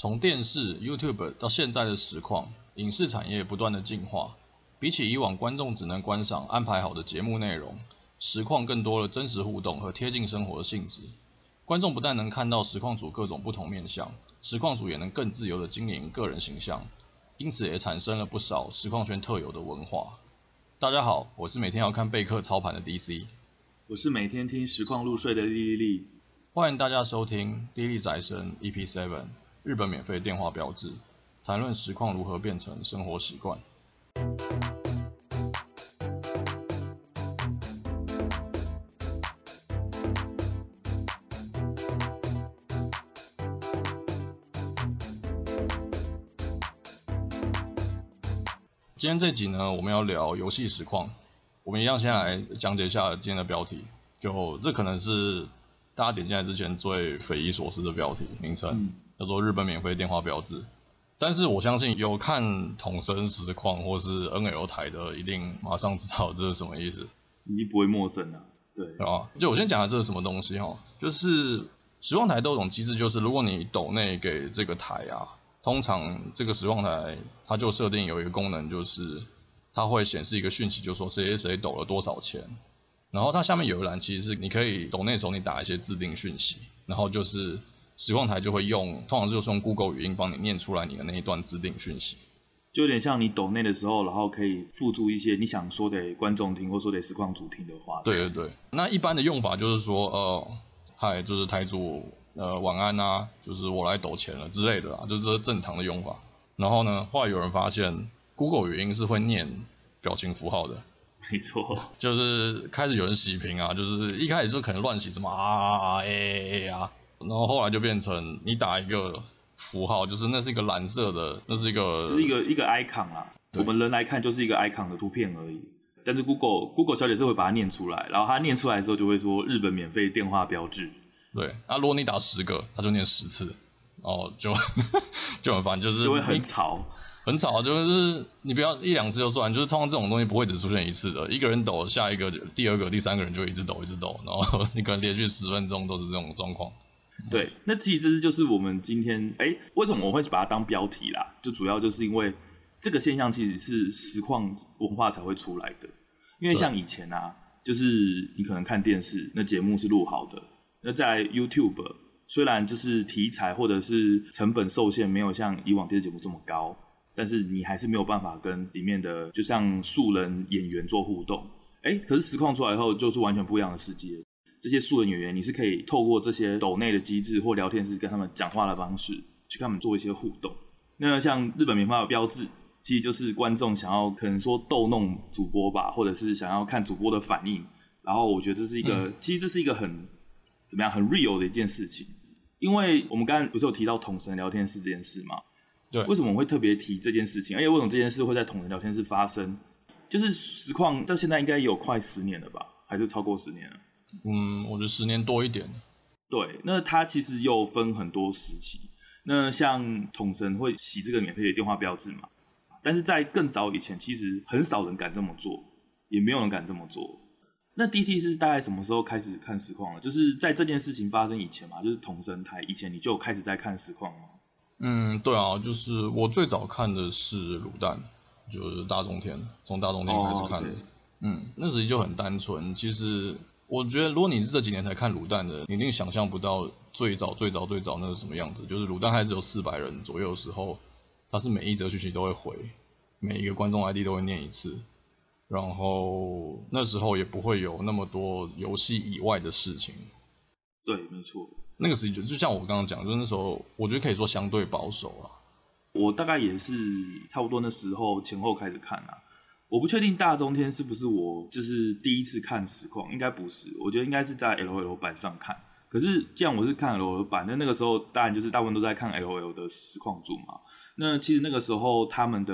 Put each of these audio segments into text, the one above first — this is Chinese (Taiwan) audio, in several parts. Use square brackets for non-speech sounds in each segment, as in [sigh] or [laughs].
從電視、YouTube 到現在的實況，影視產業不斷的進化。比起以往觀眾只能觀賞安排好的節目內容，實況更多了真實互動和貼近生活的性質。觀眾不但能看到實況組各種不同面向，實況組也能更自由的經營個人形象，因此也產生了不少實況圈特有的文化。大家好，我是每天要看貝克操盤的 DC，我是每天聽實況入睡的 d d 莉。歡迎大家收聽 d d 宅生 EP Seven。EP7 日本免費電話標誌，談論實況如何變成生活習慣。今天這集呢，我們要聊遊戲實況。我們一樣先來講解一下今天的標題。最後，這可能是大家點進來之前最匪夷所思的標題，名稱。嗯叫做日本免費電話標誌，但是我相信有看統神實況或是 N L 台的，一定馬上知道這是什麼意思，你不會陌生的啊。對啊，就我先講的這是什麼東西哈，哦，就是實況台都有種機制，就是如果你抖內給這個台啊，通常這個實況台它就設定有一個功能，就是它會顯示一個訊息，就是說誰誰誰抖了多少錢，然後它下面有一欄，其實是你可以抖內時候你打一些自定訊息，然後就是。實況台就會用，通常就是用 Google 語音幫你念出來你的那一段指定訊息，就有點像你抖內的時候，然後可以附注一些你想說給觀眾聽或說給實況主聽的話。對對對，那一般的用法就是說，呃，嗨，就是台主，呃，晚安啊，就是我來抖錢了之類的、啊，就這是正常的用法。然後呢，後來有人發現 Google 語音是會念表情符號的，沒錯，就是開始有人洗屏啊，就是一開始就可能亂洗什麼啊啊啊，哎哎哎啊。啊啊啊啊然後後來就變成你打一個符號，就是那是一個藍色的，那是一個就是一個一個 icon 啦、啊。我們人來看就是一個 icon 的圖片而已。但是 Google Google 小姐是會把它念出來，然後她念出來之後就會說日本免費電話標誌。對。啊，如果你打十個，她就念十次。哦，就就很煩，就是就會很吵，很吵，就是你不要一兩次就算，就是通常這種東西不會只出現一次的。一個人抖，下一個第二個第三個人就一直抖一直抖，然後你可能連續十分鐘都是這種狀況。對，那其實這是就是我們今天，哎，為什麼我會把它當標題啦？就主要就是因為這個現象其實是實況文化才會出來的。因為像以前啊，就是你可能看電視，那節目是錄好的。那在 YouTube，雖然就是題材或者是成本受限，沒有像以往電視節目這麼高，但是你還是沒有辦法跟裡面的就像素人演員做互動。哎，可是實況出來後，就是完全不一樣的世界。這些素人演員，你是可以透過這些抖內的機制或聊天室跟他們講話的方式，去跟他們做一些互動。那像日本免話的標誌，其實就是觀眾想要可能說逗弄主播吧，或者是想要看主播的反應。然後我覺得這是一個，嗯、其實這是一個很怎麼樣很 real 的一件事情。因為我們剛才不是有提到統神聊天室這件事嗎？對，為什麼我會特別提這件事情？而且為什麼這件事會在統神聊天室發生？就是實況到現在應該有快十年了吧，還是超過十年了？嗯，我覺得十年多一點。對，那它其實又分很多時期。那像統神會洗這個免費的電話標誌嘛，但是在更早以前，其實很少人敢這麼做，也沒有人敢這麼做。那 DC 是大概什麼時候開始看實況的？就是在這件事情發生以前嘛，就是統神台以前你就開始在看實況嗎？嗯，對啊，就是我最早看的是滷蛋，就是大冬天，從大冬天開始看的。哦 okay、嗯，那時期就很單純，其實。我覺得，如果你是這幾年才看魯蛋的人，你一定想象不到最早最早最早那是什麼樣子。就是魯蛋還只有四百人左右的時候，他是每一則訊息都會回，每一個觀眾 ID 都會念一次，然後那時候也不會有那麼多遊戲以外的事情。對，沒錯。那個時候就就像我剛剛講，就那時候，我覺得可以說相對保守啊。我大概也是差不多那時候前後開始看啊。我不確定大中天是不是我就是第一次看實況，應該不是。我覺得應該是在 L O L 版上看。可是既然我是看 L O L 版的，那,那個時候當然就是大部分都在看 L O L 的實況主嘛。那其實那個時候他們的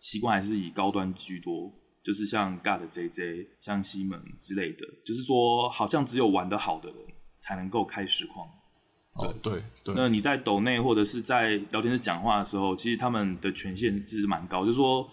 習慣還是以高端居多，就是像 God J J、像西門之類的，就是說好像只有玩得好的人才能夠開實況。對、哦、對對。那你在斗內或者是在聊天室講話的時候，其實他們的權限其實蠻高，就是說。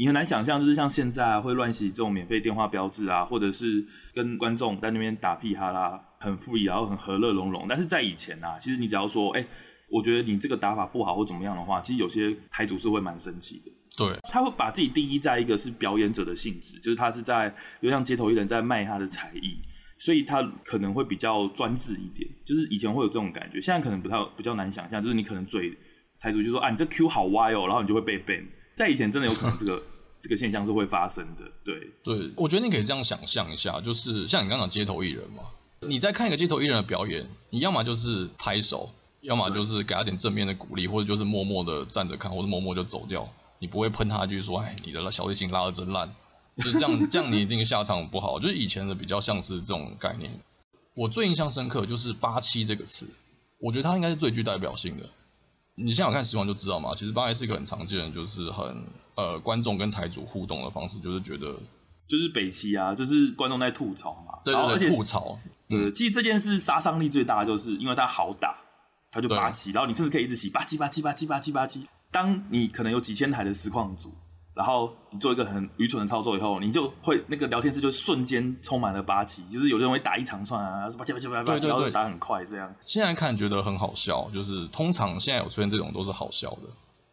你很難想象，就是像現在、啊、會亂洗這種免費電話標誌啊，或者是跟觀眾在那邊打屁哈啦，很富裕，然後很和樂融融。但是在以前啊，其實你只要說“哎、欸，我覺得你這個打法不好”或怎麼樣的話，其實有些台主是會蠻生氣的。對，他會把自己定義在一個是表演者的性質，就是他是在，就像街頭藝人，在賣他的才藝，所以他可能會比較專制一點。就是以前會有這種感覺，現在可能比較比較難想象。就是你可能嘴台主就說：“啊，你這 Q 好歪哦”，然後你就會被 ban。在以前，真的有可能這個 [laughs] 這個現象是會發生的，對對，我覺得你可以這樣想象一下，就是像你剛剛講街頭藝人嘛，你在看一個街頭藝人的表演，你要麼就是拍手，要麼就是給他點正面的鼓勵，或者就是默默的站着看，或者默默就走掉，你不會噴他一句說，哎，你的小提琴拉的真爛，就這樣， [laughs] 這樣你一定下場不好，就是以前的比較像是這種概念。我最印象深刻就是“八七”這個詞，我覺得它應該是最具代表性的。你現在看實況就知道嘛，其實八七是一個很常見的，就是很呃觀眾跟台主互動的方式，就是覺得就是北七啊，就是觀眾在吐槽嘛，對對對，吐槽，對、嗯。其實這件事殺傷力最大的，就是因為它好打，它就八七，然後你甚至可以一直洗八七、八七、八七、八七、八七，當你可能有幾千台的實況主。然後你做一個很愚蠢的操作以後，你就會那個聊天室就瞬間充滿了八七，就是有的人會打一長串啊，八七八七八八，然後打很快這樣。現在看覺得很好笑，就是通常現在有出現這種都是好笑的，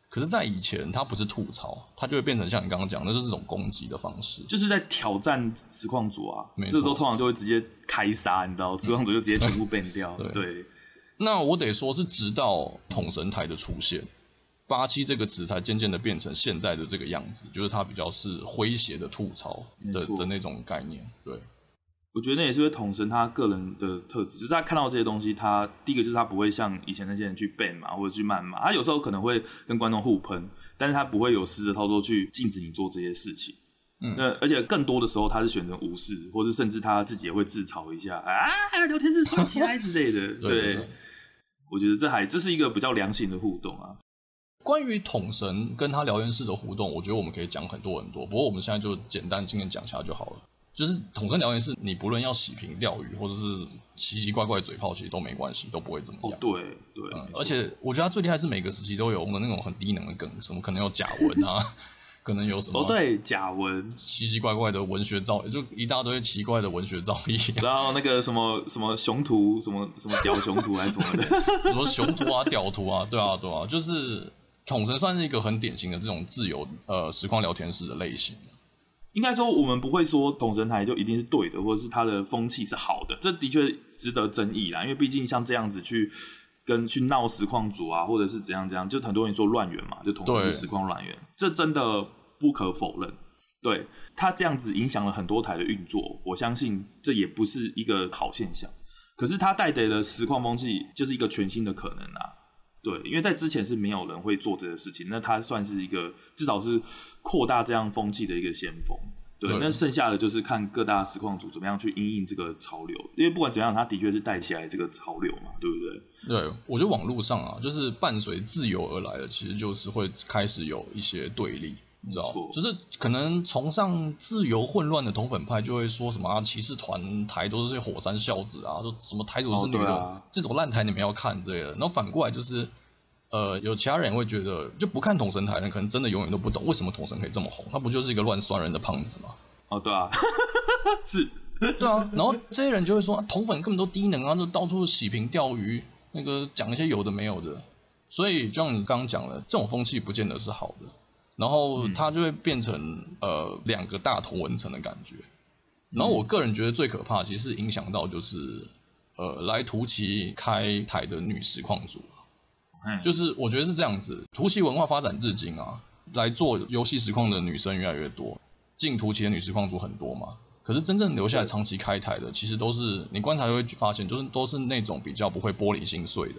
可是，在以前他不是吐槽，他就會變成像你剛剛講的，那就是這種攻擊的方式，就是在挑戰實況主啊。沒錯。這個、時候通常就會直接開殺，你知道，嗯、實況主就直接全部 ban 掉對對。對，那我得說是直到統神台的出現。八七這個詞才漸漸的變成現在的這個樣子，就是它比較是詼諧的吐槽的的,的那種概念。對，我覺得那也是會統稱他個人的特質，就是他看到這些東西他，他第一個就是他不會像以前那些人去 ban 嘛或者去罵嘛，他有時候可能會跟觀眾互噴，但是他不會有私的操作去禁止你做這些事情。嗯，那而且更多的時候他是選擇無視，或者甚至他自己也會自嘲一下啊，聊天室收起來 [laughs] 之類的。對,對,對,對，我覺得這還這是一個比較良性的互動啊。關於統神跟他聊天室的互動，我覺得我們可以講很多很多。不過我們現在就簡單今天講一下就好了。就是統神聊天室，你不論要洗頻釣魚，或者是奇奇怪怪嘴炮，其實都沒關係，都不會怎麼樣。哦、對對、嗯，而且我覺得他最厲害是每個時期都有我們那種很低能的梗，什麼可能有甲文啊， [laughs] 可能有什麼哦對甲文，奇奇怪怪的文學造詣，就一大堆奇怪的文學造詣、啊。然後那個什麼什麼雄圖，什麼,熊什,麼什麼屌雄圖還是什麼的， [laughs] 什麼雄圖啊屌圖啊，對啊對啊,對啊，就是。統神算是一個很典型的這種自由呃實況聊天室的類型，應該說我們不會說統神台就一定是對的，或者是它的風氣是好的，這的確值得爭議啦。因為畢竟像這樣子去跟去鬧實況主啊，或者是怎樣怎樣，就很多人說亂源嘛，就統神實況亂源，這真的不可否認。對，他這樣子影響了很多台的運作，我相信這也不是一個好現象。可是他帶來的實況風氣，就是一個全新的可能啊。對，因為在之前是沒有人會做這個事情，那他算是一個至少是擴大這樣風氣的一個先鋒，對。對，那剩下的就是看各大實況組怎麼樣去因應這個潮流，因為不管怎樣，他的確是帶起來這個潮流嘛，對不對？對，我覺得網絡上啊，就是伴隨自由而來的，其實就是會開始有一些對立。你知道，沒錯，就是可能崇尚自由混亂的統粉派，就會說什麼啊，騎士團台都是些火山孝子啊，說什麼台主是女的，哦，對啊、這種爛台你們要看之類的。然後反過來就是，呃，有其他人也會覺得，就不看統神台的人，可能真的永遠都不懂為什麼統神可以這麼紅，他不就是一個亂酸人的胖子嗎？哦，對啊， [laughs] 是， [laughs] 對啊。然後這些人就會說，啊、統粉根本都低能啊，就到處洗屏釣魚，那個講一些有的沒有的。所以就像你剛剛講的，這種風氣不見得是好的。然後它就會變成、嗯、呃，兩個大頭文層的感覺，然後我個人覺得最可怕其實是影響到就是呃來圖奇開台的女實況主，嗯，就是我覺得是這樣子，圖奇文化發展至今啊，來做遊戲實況的女生越來越多，進圖奇的女實況主很多嘛，可是真正留下來長期開台的其實都是你觀察就會發現，就是都是那種比較不會玻璃心碎的。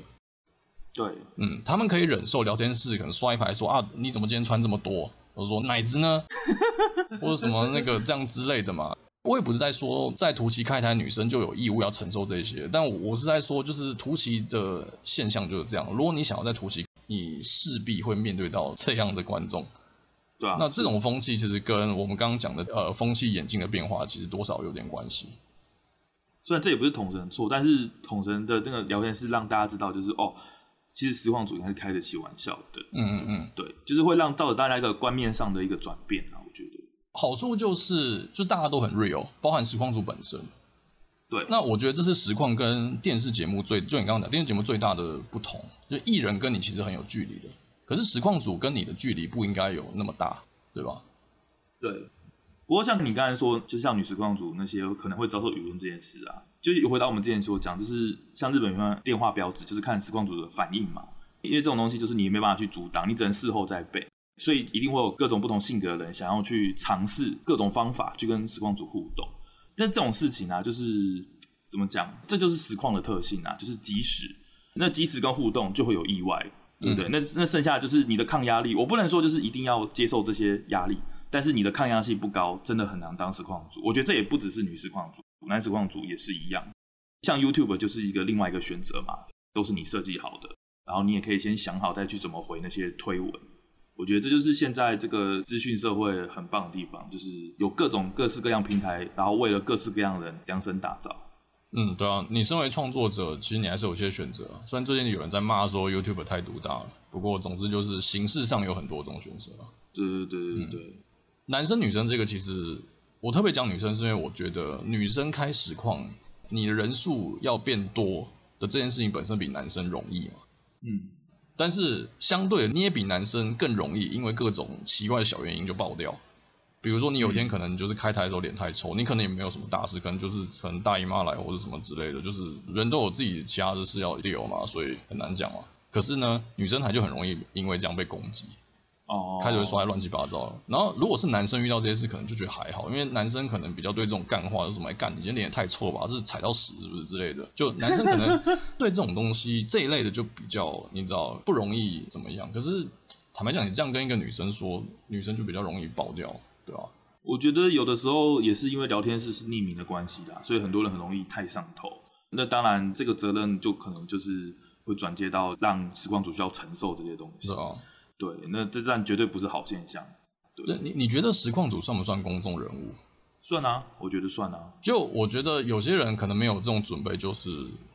對，嗯，他們可以忍受聊天室可能刷一排說啊，你怎麼今天穿這麼多？或者說奶子呢， [laughs] 或者什麼那個這樣之類的嘛。我也不是在說在 Twitch 開台女生就有義務要承受這些，但我是在說就是 Twitch 的現象就是這樣。如果你想要在 Twitch，你勢必會面對到這樣的觀眾。對啊，那這種風氣其實跟我們剛剛講的呃風氣演進的變化其實多少有點關係。雖然這也不是統神錯，但是統神的那個聊天室讓大家知道就是哦。其實實況主應該是開得起玩笑的，嗯嗯嗯，對，就是會讓到了大家一個觀念上的一個轉變啊，我覺得好處就是，就大家都很 real，包含實況主本身，對，那我覺得這是實況跟電視節目最，就你剛剛講電視節目最大的不同，就藝人跟你其實很有距離的，可是實況主跟你的距離不應該有那麼大，對吧？對。不過，像你剛才說，就像女實況主那些可能會遭受輿論這件事啊，就是回到我們之前所講，就是像日本有電話標誌，就是看實況主的反應嘛。因為這種東西就是你沒辦法去阻擋，你只能事後再背，所以一定會有各種不同性格的人想要去嘗試各種方法去跟實況主互動。但這種事情啊，就是怎麼講，這就是實況的特性啊，就是即時，那即時跟互動就會有意外，對不對、嗯？那那剩下的就是你的抗壓力，我不能說就是一定要接受這些壓力。但是你的抗壓性不高，真的很難當實況主。我覺得這也不只是女實況主，男實況主也是一樣。像 YouTube 就是一個另外一個選擇嘛，都是你設計好的，然後你也可以先想好再去怎麼回那些推文。我覺得這就是現在這個資訊社會很棒的地方，就是有各種各式各樣平台，然後為了各式各樣的人量身打造。嗯，對啊，你身為創作者，其實你還是有些選擇。雖然最近有人在罵說 YouTube 太獨大了，不過總之就是形式上有很多種選擇。對對對對對、嗯。對男生女生這個其實，我特別講女生，是因為我覺得女生開實況，你的人數要變多的這件事情本身比男生容易嘛。嗯。但是相對的你也比男生更容易，因為各種奇怪的小原因就爆掉。比如說你有天可能就是開台的時候臉太臭。嗯，你可能也沒有什麼大事，可能就是可能大姨媽來或者什麼之類的，就是人都有自己其他的事要 deal 嘛，所以很難講嘛。可是呢，女生還就很容易因為這樣被攻擊。哦、oh.，開始會還亂七八糟然後，如果是男生遇到這些事，可能就覺得還好，因為男生可能比較對這種幹話，有什麼來幹？你今臉也太錯吧，就是踩到屎是不是之類的？就男生可能對這種東西這一類的就比較，你知道不容易怎麼樣。可是，坦白講，你這樣跟一個女生說，女生就比較容易爆掉，對吧、啊？我覺得有的時候也是因為聊天室是匿名的關係啦，所以很多人很容易太上頭。那當然，這個責任就可能就是會轉接到讓實況主需要承受這些東西。是啊。對，那這段絕對不是好現象。對，你你覺得實況主算不算公眾人物？算啊，我覺得算啊。就我覺得有些人可能沒有這種準備，就是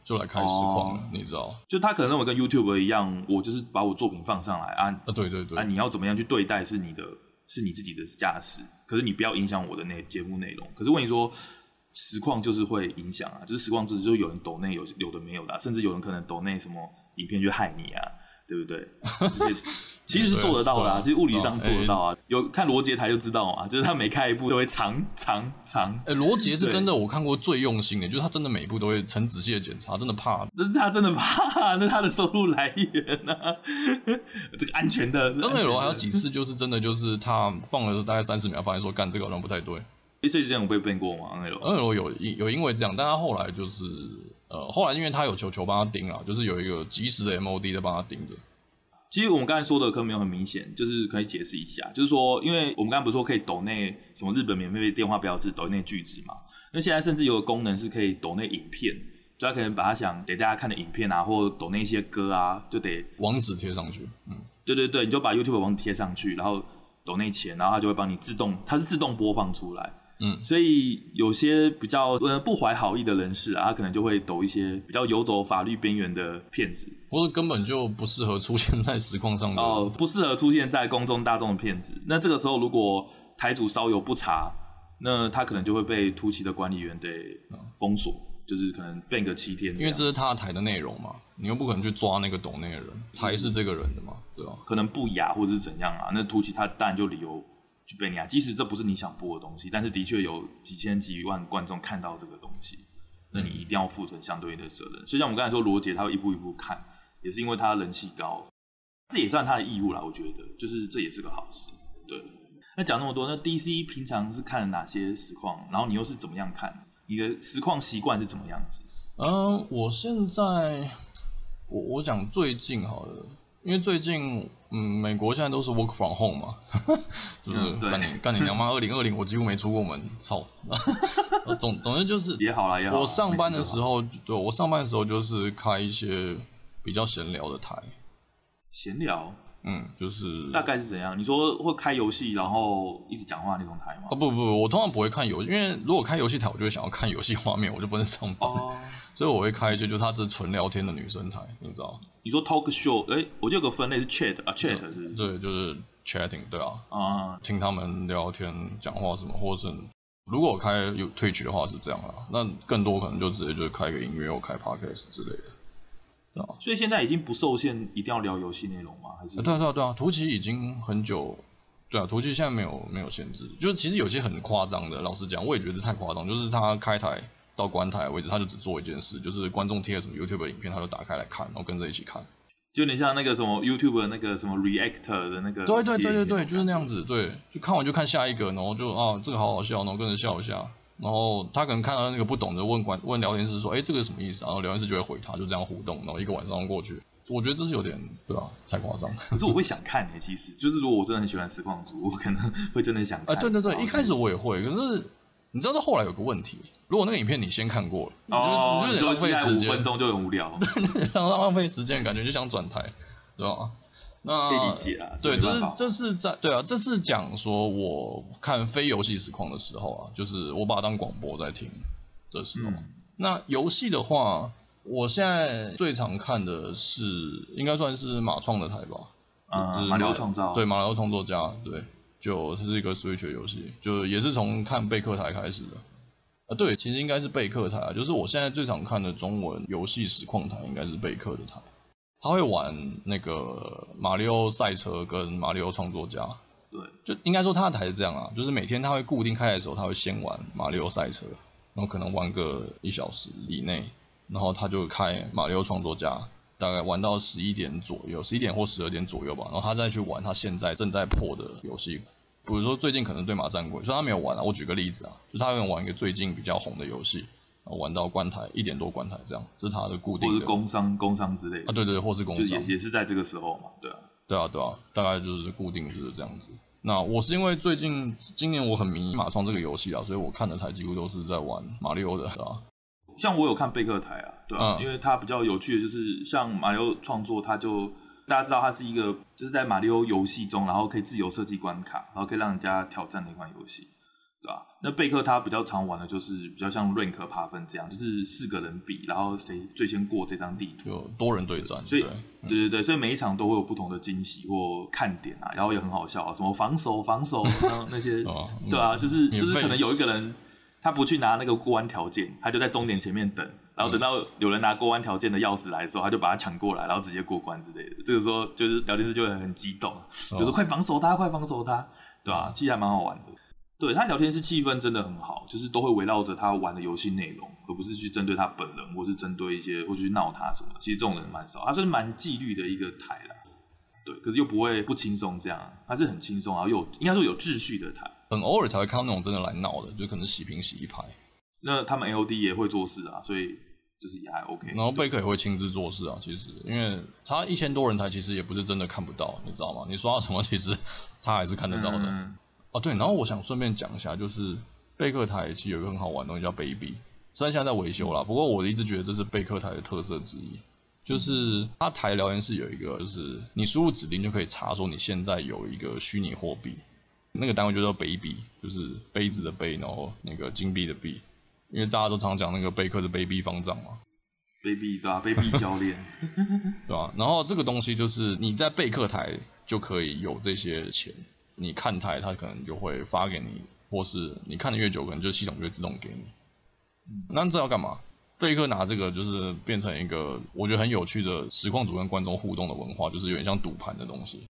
就來開實況、哦，你知道？就他可能認為跟 YouTube 一樣，我就是把我作品放上來啊，啊。對對對、啊。你要怎麼樣去對待是你的，是你自己的駕駛。可是你不要影響我的那節目內容。可是問你說，實況就是會影響啊，就是實況就是就有人抖內有有的沒有的、啊，甚至有人可能抖內什麼影片去害你啊。對不對？其實是做得到的，啊， [laughs] 其實物理上做得到啊。有，有，有看羅杰台就知道嘛，就是他每開一部都會長長長。羅杰、欸，是真的，我看過最用心的，就是他真的每部都會很仔細的檢查，真的怕，啊。那是他真的怕，啊，那他的收入來源呢，啊？ [laughs] 這個安全的。安內羅還有幾次就是真的，就是他放了大概三十秒，發現說幹這個好像不太對。一歲之前我被 ban 過嗎？安內羅？安內羅有有，有因為這樣，但他後來就是。呃，後來因為他有球球幫他盯啊，就是有一個即時的 MOD 的幫他盯着。其實我們剛才說的可能沒有很明顯，就是可以解釋一下，就是說，因為我們剛才不是說可以抖內什麼日本免費電話標誌，抖內句子嘛？那現在甚至有個功能是可以抖內影片，所以他可能把他想給大家看的影片啊，或抖內一些歌啊，就得網址貼上去。嗯，對對對，你就把 YouTube 的網址貼上去，然後抖內錢，然後他就會幫你自動，它是自動播放出來。嗯，所以有些比較呃不懷好意的人士，啊，他可能就會抖一些比較遊走法律邊緣的騙子，或者根本就不適合出現在實況上哦，不適合出現在公眾大眾的騙子。那這個時候，如果台主稍有不察，那他可能就會被 Twitch 的管理員得封鎖，就是可能 ban 個七天，因為這是他的台的內容嘛，你又不可能去抓那個抖那個人，台是這個人的嘛，對吧、啊？可能不雅或者是怎樣啊？那 Twitch 他當然就理由。去背啊，即使這不是你想播的東西，但是的確有幾千幾萬觀眾看到這個東西，那你、嗯、一定要負承相對應的責任。所以像我們剛才說，羅杰他會一步一步看，也是因為他人氣高，這也算他的義務啦。我覺得，就是這也是個好事。對，那講那麼多，那 DC 平常是看了哪些實況？然後你又是怎麼樣看？你的實況習慣是怎麼樣子？嗯，我現在我我講最近好了。因為最近，嗯，美國現在都是 work from home 嘛，是、就是？嗯，幹你幹你娘媽！二零二零，我幾乎沒出過門， [laughs] 操！總總之就是也好啦，也好，我上班的時候，對我上班的時候就是開一些比較閒聊的台。閒聊？嗯，就是大概是怎樣？你說會開遊戲，然後一直講話那種台嗎？哦，不不不，我通常不會看遊戲，因為如果開遊戲台，我就會想要看遊戲畫面，我就不能上班。Oh. 所以我會開一些，就它是純聊天的女生台，你知道？你說 talk show，誒、欸、我這個分類是 chat 啊是，chat 是，是？對，就是 chatting，對啊。啊、嗯嗯嗯嗯。聽他們聊天、講話什麼，或者是如果我開有 Twitch 的話是這樣啊。那更多可能就直接就是開個音樂，或開 podcast 之類的。啊，所以現在已經不受限，一定要聊遊戲內容嗎？還是？啊、對啊對啊對啊，圖奇已經很久，對啊，圖奇現在沒有沒有限制，就是其實有些很誇張的，老實講，我也覺得太誇張，就是他開台。到關台為止，他就只做一件事，就是觀眾貼什麼 YouTube 的影片，他就打開來看，然後跟着一起看。就有點像那個什麼 YouTube 的那個什麼 Reactor 的那個。對對對對對，就是那樣子。對，就看完就看下一個，然後就啊這個好好笑，然後跟着笑一下。然後他可能看到那個不懂的問管問聊天室說，哎、欸、這個什麼意思？然後聊天室就會回他，就這樣互動。然後一個晚上過去，我覺得這是有點對啊，太誇張。可是我會想看誒，其實就是如果我真的很喜歡實況主，我可能會真的想看。啊、呃，對對對好好，一開始我也會，可是。你知道，到後來有個問題，如果那個影片你先看過了，你就有點、哦、浪費時間，你五分鐘就很無聊， [laughs] 浪浪費時間，感覺就想轉台，對 [laughs] 吧？那、啊、對,對，這是這是在對啊，這是講說我看非遊戲實況的時候啊，就是我把它當廣播在聽這時候。嗯、那遊戲的話，我現在最常看的是應該算是馬創的台吧？嗯，就是、馬力歐創造，對，馬力歐創作家，對。就它是一個 switch 遊戲，就是也是從看備課台開始的，啊對，其實應該是備課台，啊,就是我現在最常看的中文遊戲實況台，應該是備課的台。他會玩那個馬里奧賽車跟馬里奧創作家，對，就應該說他的台是這樣啊，就是每天他會固定開的時候，他會先玩馬里奧賽車，然後可能玩個一小時以內，然後他就開馬里奧創作家。大概玩到十一點左右，十一點或十二點左右吧，然後他再去玩他現在正在破的遊戲，比如說最近可能對馬戰鬼，所以他沒有玩啊。我舉個例子啊，就是、他可能玩一個最近比較紅的遊戲，玩到關台一點多關台這樣，這是他的固定的。或是工商工商之類的啊，對對，或是工商，也是在這個時候嘛，對啊，對啊對啊，大概就是固定就是這樣子。那我是因為最近今年我很迷，迷馬創這個遊戲啊，所以我看的台幾乎都是在玩馬里奧的，對啊。像我有看貝克台啊，對啊，嗯、因為它比較有趣的就是，像馬里奧創作他，它就大家知道它是一個，就是在馬里奧遊戲中，然後可以自由設計關卡，然後可以讓人家挑戰的一款遊戲，對吧、啊？那貝克他比較常玩的就是比較像 rank 爬分這樣，就是四個人比，然後誰最先過這張地圖，就多人對戰。所以對對對對，所以每一場都會有不同的驚喜或看點啊、嗯，然後也很好笑啊，什麼防守防守， [laughs] 然後那些、哦、對啊，嗯、就是就是可能有一個人。他不去拿那個過關條件，他就在終點前面等，然後等到有人拿過關條件的鑰匙來的時候，嗯、他就把他搶過來，然後直接過關之類的。這個時候就是聊天室就會很激動，嗯、就說快防守他，快防守他，對、嗯、啊。其實還蠻好玩的。嗯、對他聊天室氣氛真的很好，就是都會圍繞着他玩的遊戲內容，而不是去針對他本人，或是針對一些，或是去鬧他什麼。其實這種人蠻少，他是蠻紀律的一個台啦。對，可是又不會不輕鬆這樣，他是很輕鬆然後又應該說有秩序的台。很偶爾才會看到那種真的來鬧的，就可能洗屏洗一排。那他們 AOD 也會做事啊，所以就是也還 OK。然後貝克也會親自做事啊，其實因為他一千多人台其實也不是真的看不到，你知道嗎？你刷什麼其實他還是看得到的。哦、嗯啊，對。然後我想順便講一下，就是貝克台其實有一個很好玩的東西叫貝幣。雖然現在在維修啦，不過我一直覺得這是貝克台的特色之一，就是他台聊天室有一個，就是你輸入指令就可以查說你現在有一個虛擬貨幣。那個單位就叫杯幣就是杯子的杯，然後那個金幣的幣，因為大家都常講那個備課是杯幣方丈嘛，杯幣對吧、啊？杯幣 [laughs] 教練 [laughs] 對吧、啊？然後這個東西就是你在備課台就可以有這些錢，你看台他可能就會發給你，或是你看的越久，可能就系統就會自動給你。那這要幹嘛？備課拿這個就是變成一個我覺得很有趣的實況主跟觀眾互動的文化，就是有點像賭盤的東西，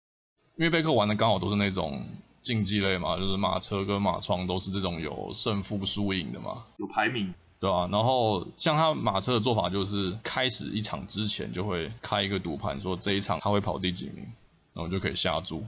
因為備課玩的剛好都是那種。競技類嘛，就是馬車跟馬床都是這種有勝負輸贏的嘛，有排名，對啊，然後像他馬車的做法就是，開始一場之前就會開一個賭盤，說這一場他會跑第幾名，然後就可以下注，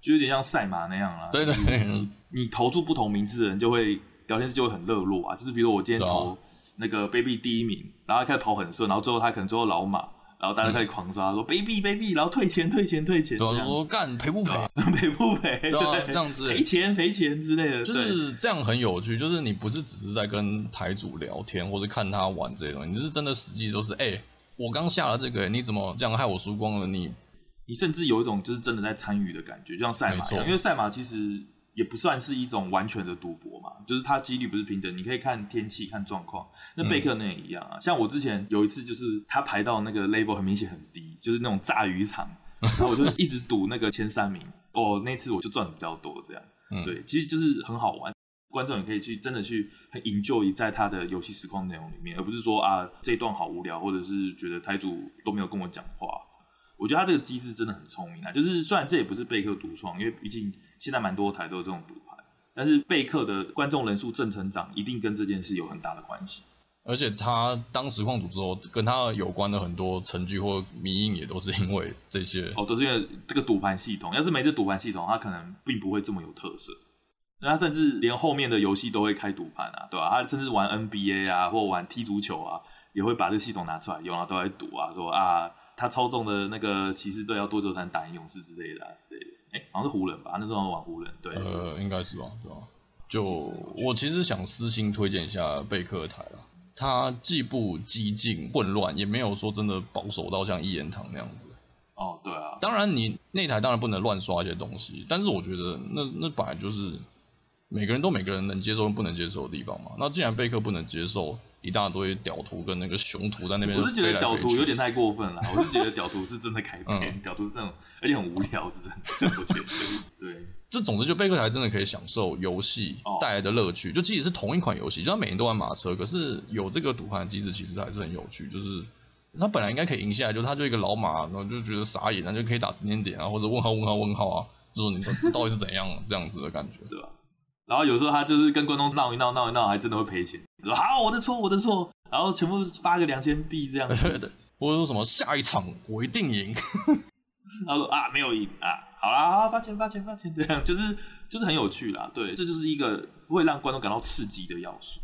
就有點像賽馬那樣啦、啊。對對，對，就是、你投注不同名次的人就會聊天室就會很熱絡啊，就是比如我今天投那個 baby 第一名，然後他開始跑很順，然後最後他可能做老馬。然後大家可以狂刷、嗯、說“卑鄙卑鄙”，然後退錢退錢退錢，退錢說幹賠不賠？ [laughs] 賠不賠？對，對這樣子賠錢賠錢之類的，就是這樣很有趣。就是你不是只是在跟台主聊天，或者看他玩這些東西，你、就是真的實際都、就是哎、欸，我剛下了這個，你怎麼這樣害我輸光了你？你你甚至有一種就是真的在參與的感覺，就像賽馬一樣，因為賽馬其實。也不算是一種完全的賭博嘛，就是它幾率不是平等，你可以看天氣、看狀況。那貝克那也一樣啊、嗯，像我之前有一次，就是他排到那個 level 很明顯很低，就是那種炸魚場，然後我就一直賭那個前三名。 [laughs] 哦，那次我就賺的比較多，這樣、嗯。對，其實就是很好玩，觀眾也可以去真的去很 enjoy 在他的遊戲實況內容裡面，而不是說啊這一段好無聊，或者是覺得台主都沒有跟我講話。我覺得他這個機制真的很聰明啊，就是雖然這也不是貝克獨創，因為畢竟。現在蠻多台都是這種賭盤，但是貝克的觀眾人數正成長，一定跟這件事有很大的關係。而且他當實況主之後跟他有關的很多成序或迷因也都是因為這些。哦，都、就是因為這個賭盤系統。要是沒這賭盤系統，他可能並不會這麼有特色。那他甚至連後面的遊戲都會開賭盤啊，對吧、啊？他甚至玩 NBA 啊，或玩踢足球啊，也會把這系統拿出來用啊，都在賭啊，說啊。他操縱的那個騎士隊要多久才能打贏勇士之類的、啊、之類的？哎、欸，好像是湖人吧？那時候是玩湖人，對，呃，應該是吧，是吧？就其，我，我其實想私心推薦一下貝克的台啦，他既不激進混亂，也沒有說真的保守到像一言堂那樣子。哦，對啊。當然你，你那台當然不能亂刷一些東西，但是我覺得那那本來就是每個人都每個人能接受跟不能接受的地方嘛。那既然貝克不能接受。一大堆屌圖跟那個熊圖在那邊，我是覺得屌圖有點太過分了， [laughs] 我是覺得屌圖是真的改編， [laughs] 嗯、屌圖是那種而且很無聊，是真的， [laughs] 我覺得。對，就總之就貝克才真的可以享受遊戲帶來的樂趣，哦、就即使是同一款遊戲，就他每天都玩馬車，可是有這個賭盤機制，其實還是很有趣。就是他本來應該可以贏下來，就是、他就一個老馬，然後就覺得傻眼，然後就可以打點點啊，或者問號問號問號啊，就說、是、你知道到底是怎樣這樣子的感覺， [laughs] 對吧、啊？然後有時候他就是跟觀眾鬧一鬧,鬧，鬧一鬧，還真的會賠錢。說好我的錯，我的錯，然後全部發個兩千幣這樣子。或者說什麼下一場我一定贏。他 [laughs] 說啊沒有贏啊好啦好啦，好啦，發錢發錢發錢這樣，就是就是很有趣啦。對，這就是一個會讓觀眾感到刺激的要素。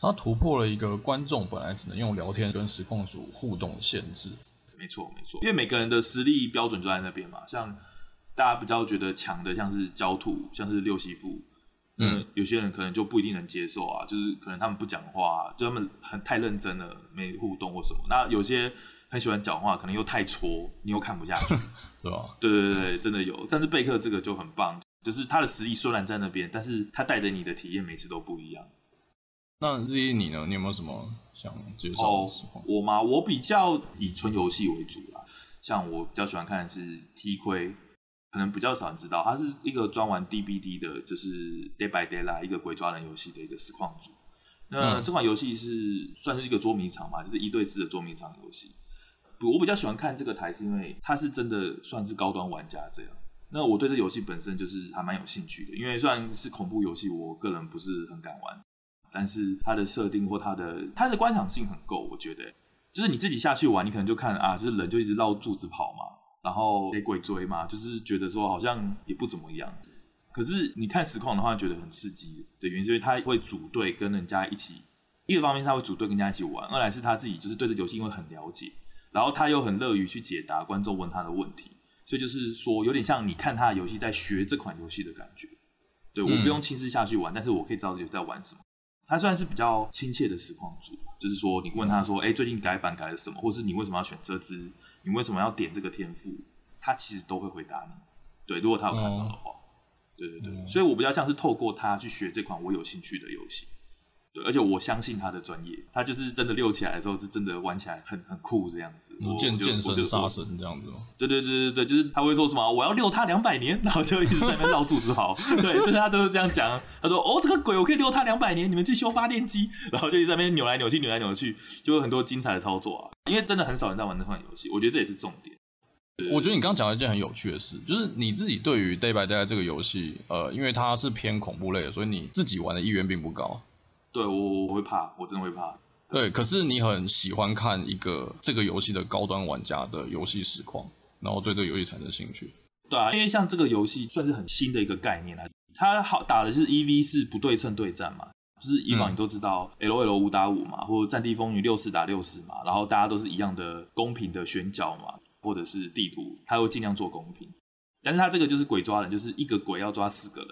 他突破了一個觀眾本來只能用聊天跟實況主互動的限制。沒錯沒錯，因為每個人的實力標準就在那邊嘛。像大家比較覺得強的，像是焦兔，像是六媳婦。嗯，有些人可能就不一定能接受啊，就是可能他們不講話、啊，就他們很太認真了，沒互動或什麼。那有些很喜歡講話，可能又太戳，你又看不下去，對 [laughs] 吧？對對對，真的有。但是貝克這個就很棒，就是他的實力雖然在那邊，但是他帶給你的體驗每次都不一樣。那至於你呢？你有沒有什麼想介紹？Oh, 我嗎？我比較以純遊戲為主啦、啊。像我比較喜歡看的是 T 盔。可能比較少人知道，他是一個專玩 DBD 的，就是 Day by Daylight 啦，一個鬼抓人遊戲的一個實況組。那、嗯、這款遊戲是算是一個捉迷藏嘛，就是一對四的捉迷藏遊戲。我比較喜歡看這個台，是因為它是真的算是高端玩家這樣。那我對這遊戲本身就是還蠻有興趣的，因為雖然是恐怖遊戲，我個人不是很敢玩。但是它的設定或它的它的觀賞性很夠，我覺得、欸、就是你自己下去玩，你可能就看啊，就是人就一直繞柱子跑嘛。然後被鬼追嘛，就是覺得說好像也不怎麼樣。可是你看實況的話，覺得很刺激的，對，原因，因為他會組隊跟人家一起。一個方面他會組隊跟人家一起玩，二來是他自己就是對這遊戲因為很了解，然後他又很樂於去解答觀眾問他的問題，所以就是說有點像你看他的遊戲在學這款遊戲的感覺。對，我不用親自下去玩，但是我可以知道自己在玩什麼。他算是比較親切的實況主，就是說你問他說，哎、嗯欸，最近改版改了什麼，或是你為什麼要選這支，你為什麼要點這個天賦，他其實都會回答你。對，如果他有看到的話，嗯、對對對、嗯，所以我比較像是透過他去學這款我有興趣的遊戲。而且我相信他的專業，他就是真的溜起來的時候是真的玩起來很很酷這樣子。我見見神殺神這樣子嗎？對對對對對，就是他會說什麼“我要溜他兩百年”，然後就一直在那繞柱子跑。 [laughs] 對，就是他都是這樣講。他說：“哦，這個鬼，我可以溜他兩百年。”你們去修發電機，然後就一直在那邊扭來扭去，扭來扭去，就有很多精彩的操作啊。因為真的很少人在玩這款遊戲，我覺得這也是重點。我覺得你剛剛講了一件很有趣的事，就是你自己對於《Day by Day》這個遊戲，呃，因為它是偏恐怖類的，所以你自己玩的意願並不高。對我我會怕，我真的會怕對。對，可是你很喜歡看一個這個遊戲的高端玩家的遊戲實況，然後對這個遊戲產生興趣。對啊，因為像這個遊戲算是很新的一個概念來、啊，它好打的是 E V 是不對稱對戰嘛，就是以往你都知道 LOL 五打五嘛，或者戰地風雲六四打六四嘛，然後大家都是一樣的公平的選角嘛，或者是地圖，它會盡量做公平。但是它這個就是鬼抓人，就是一個鬼要抓四個人。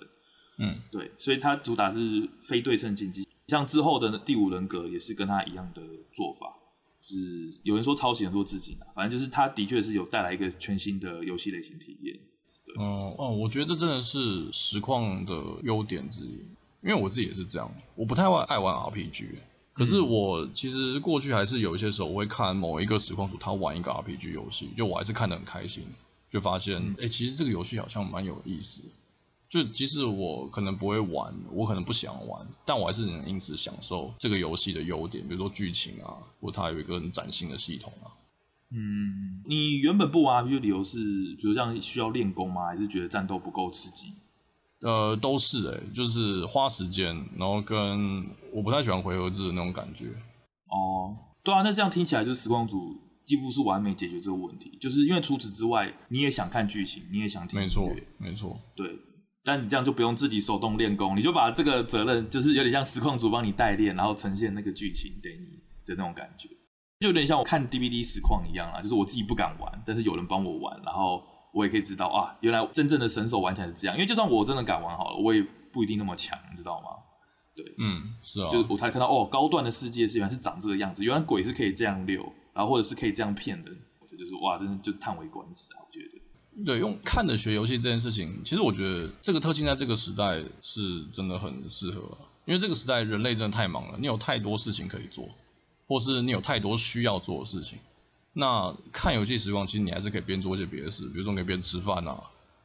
嗯，對，所以它主打是非對稱競技。像之後的第五人格也是跟他一樣的做法，就是有人說抄襲，很多致敬啊，反正就是他的確是有帶來一個全新的遊戲類型體驗。嗯，哦、嗯，我覺得這真的是實況的優點之一，因為我自己也是這樣，我不太愛玩 RPG，、欸、可是我其實過去還是有一些時候會看某一個實況主，他玩一個 RPG 遊戲，就我還是看得很開心，就發現哎、欸，其實這個遊戲好像蠻有意思的。就即使我可能不會玩，我可能不想玩，但我還是能因此享受這個遊戲的優點，比如說劇情啊，或它有一個很嶄新的系統啊。嗯，你原本不玩就理由是，比如像需要練功嗎？還是覺得戰鬥不夠刺激？呃，都是誒、欸，就是花時間，然後跟我不太喜歡回合制的那種感覺。哦，對啊，那這樣聽起來就是實況主幾乎是完美解決這個問題，就是因為除此之外，你也想看劇情，你也想聽，沒錯，沒錯，對。但你這樣就不用自己手動練功，你就把這個責任，就是有點像實況主幫你代練，然後呈現那個劇情給你的那種感覺，就有點像我看 DVD 實況一樣啊。就是我自己不敢玩，但是有人幫我玩，然後我也可以知道啊，原來真正的神手玩起來是這樣。因為就算我真的敢玩好了，我也不一定那麼強，你知道嗎？對，嗯，是啊、哦，就是我才看到哦，高段的世界是原來是長這個樣子，原來鬼是可以這樣溜，然後或者是可以這樣騙人，就、就是哇，真的就嘆為觀止啊，我覺得。對，用看着學遊戲這件事情，其實我覺得這個特性在這個時代是真的很適合、啊，因為這個時代人類真的太忙了，你有太多事情可以做，或是你有太多需要做的事情。那看遊戲實況，其實你還是可以邊做一些別的事，比如說給邊吃飯吶、啊，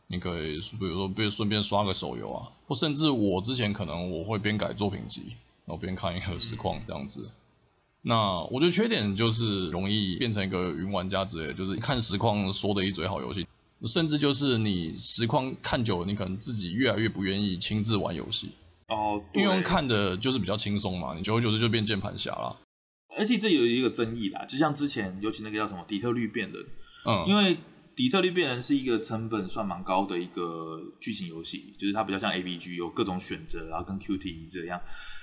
你可以比如說邊順便刷個手遊啊，或甚至我之前可能我會邊改作品集，然後邊看一個實況這樣子。嗯、那我覺得缺點就是容易變成一個雲玩家之類的，就是看實況說的一嘴好遊戲。甚至就是你實況看久了，你可能自己越來越不願意親自玩遊戲哦。對。因為看的就是比較輕鬆嘛，你久而久之就變鍵盤俠了。而且這有一個爭議啦，就像之前尤其那個叫什麼《底特律變人》，嗯，因為《底特律變人》是一個成本算蠻高的一個劇情遊戲，就是它比較像 ABG 有各種選擇，然後跟 QTE 這樣。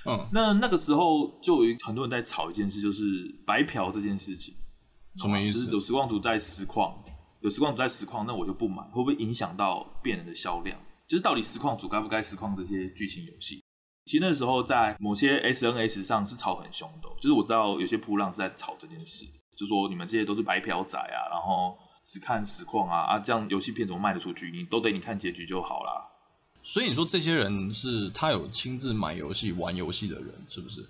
嗯，那那個時候就有很多人在吵一件事，就是白嫖這件事情，什麼意思？就是有實況主在實況。有實況主在實況，那我就不買，會不會影響到別人的銷量？就是到底實況主該不該實況這些劇情遊戲？其實那時候在某些 S N S 上是吵很凶的，就是我知道有些噗浪是在吵這件事，就說你們這些都是白嫖仔啊，然後只看實況啊，啊，這樣遊戲片怎麼賣得出去？你都得你看結局就好啦。所以你說這些人是他有親自買遊戲、玩遊戲的人，是不是？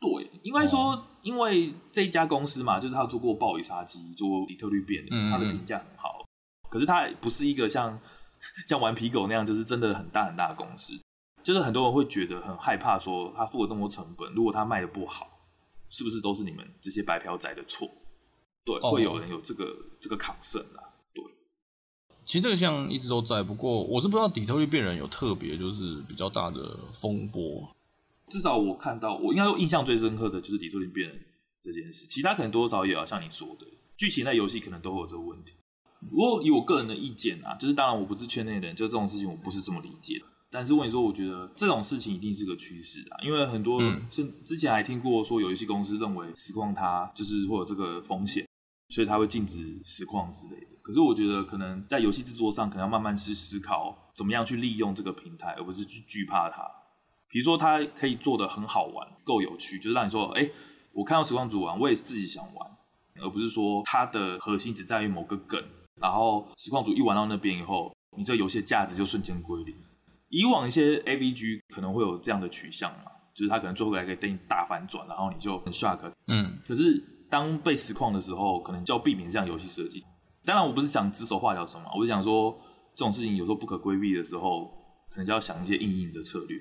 對，應該說、哦。因為這一家公司嘛，就是他做過暴雨殺機，做底特律變人，他的評價很好。嗯嗯，可是他不是一個像像頑皮狗那樣，就是真的很大很大的公司。就是很多人會覺得很害怕，說他付了那麼多成本，如果他賣得不好，是不是都是你們這些白嫖仔的錯？對、哦，會有人有這個這個 concern 啊。對，其實這個像一直都在，不過我是不知道底特律變人有特別就是比較大的風波。至少我看到，我應該說印象最深刻的就是底特律變人這件事。其他可能多少也要像你說的，劇情在遊戲可能都會有這個問題。如果以我個人的意見啊，就是當然我不是圈內人，就這種事情我不是這麼理解。但是我跟你說，我覺得這種事情一定是個趨勢啊，因為很多，嗯，像之前還聽過說遊戲公司認為實況它就是會有這個風險，所以它會禁止實況之類的。可是我覺得可能在遊戲製作上，可能要慢慢去思考怎麼樣去利用這個平台，而不是去懼怕它。比如說，它可以做得很好玩，夠有趣，就是讓你說，哎、欸，我看到實況主玩，我也自己想玩，而不是說它的核心只在於某個梗。然後實況主一玩到那邊以後，你這個遊戲價值就瞬間歸零。以往一些 AVG 可能會有這樣的取向嘛，就是他可能最後還可以等你大反轉，然後你就很 shock。嗯，可是當被實況的時候，可能就要避免這樣遊戲設計。當然，我不是想指手畫腳什麼，我是想說這種事情有時候不可規避的時候，可能就要想一些硬硬的策略。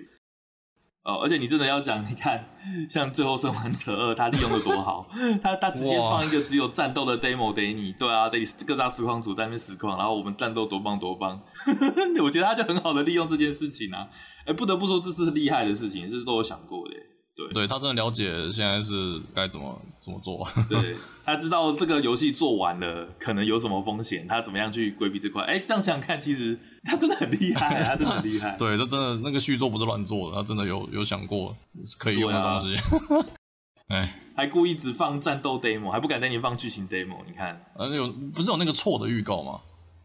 哦，而且你真的要講，你看，像《最後生還者二》，他利用的多好， [laughs] 他他直接放一個只有戰鬥的 demo 給你，對啊，給各大實況組在那邊實況，然後我們戰鬥多棒多棒， [laughs] 我覺得他就很好的利用這件事情啊，哎、欸，不得不說這是厲害的事情，這是都有想過的。對，對，他真的了解，現在是該怎麼怎麼做。對，他知道這個遊戲做完了，可能有什麼風險，他怎麼樣去規避這塊？哎，這樣想看，其實他真的很厲害，他真的很厲害。 [laughs] 對，他真的那個續作不是亂做的，他真的有有想過可以用的東西。哎、啊， [laughs] 還故意只放戰鬥 demo，還不敢帶你放劇情 demo。你看，呃，有，不是有那個錯的預告嗎？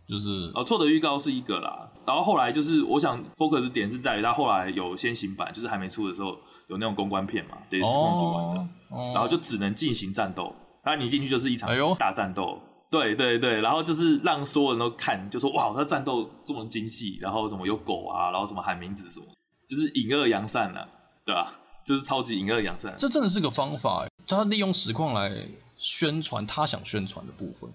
就是哦，錯的預告是一個啦，然後後來就是我想 focus 點是在於他後來有先行版，就是還沒出的時候。有那種公關片嘛，也是做公關的、哦哦，然後就只能進行戰鬥。那你進去就是一場大戰鬥，哎、對對對，然後就是讓所有人都看，就說哇，他戰鬥這麼精細，然後什麼有狗啊，然後什麼喊名字什麼，就是隱惡揚善的，對吧、啊？就是超級隱惡揚善。這真的是個方法，他利用實況來宣傳他想宣傳的部分。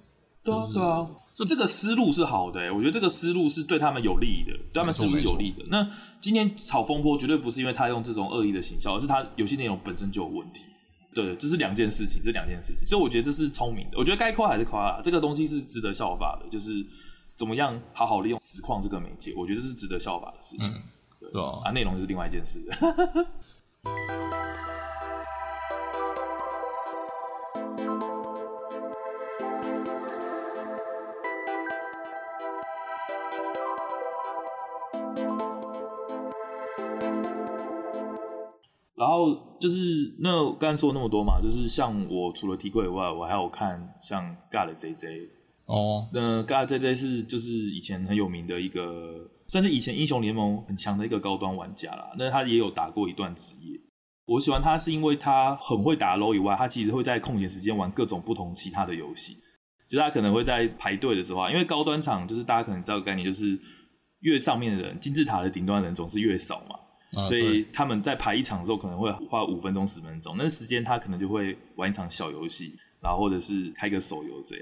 對啊，這、啊、這個思路是好的、欸，我覺得這個思路是對他們有利的，對他們是有利的。沒說沒說、那今天炒風波絕對不是因為他用這種惡意的行銷、嗯，而是他遊戲內容本身就有問題。對，這是兩件事情，這兩件事情。所以我覺得這是聰明的，我覺得該誇還是誇、啊、這個東西是值得效法的，就是怎麼樣好好利用實況這個媒介，我覺得這是值得效法的事情。嗯、對啊，對啊，內容就是另外一件事。 [laughs] 就是那我剛才說那麼多嘛，就是像我除了 T 國以外，我還有看像 Gaga JJ 哦，那 g a g a JJ 是就是以前很有名的一個，算是以前英雄聯盟很強的一個高端玩家啦。那他也有打過一段職業。我喜歡他是因為他很會打 LOL 以外，他其實會在空閒時間玩各種不同其他的遊戲。就是、他可能會在排隊的時候，因為高端場就是大家可能知道概念，就是越上面的人，金字塔的頂端的人總是越少嘛。所以他們在排一場的時候，可能會花五分鐘十分鐘，那時間他可能就會玩一場小遊戲，然後或者是開個手遊這樣。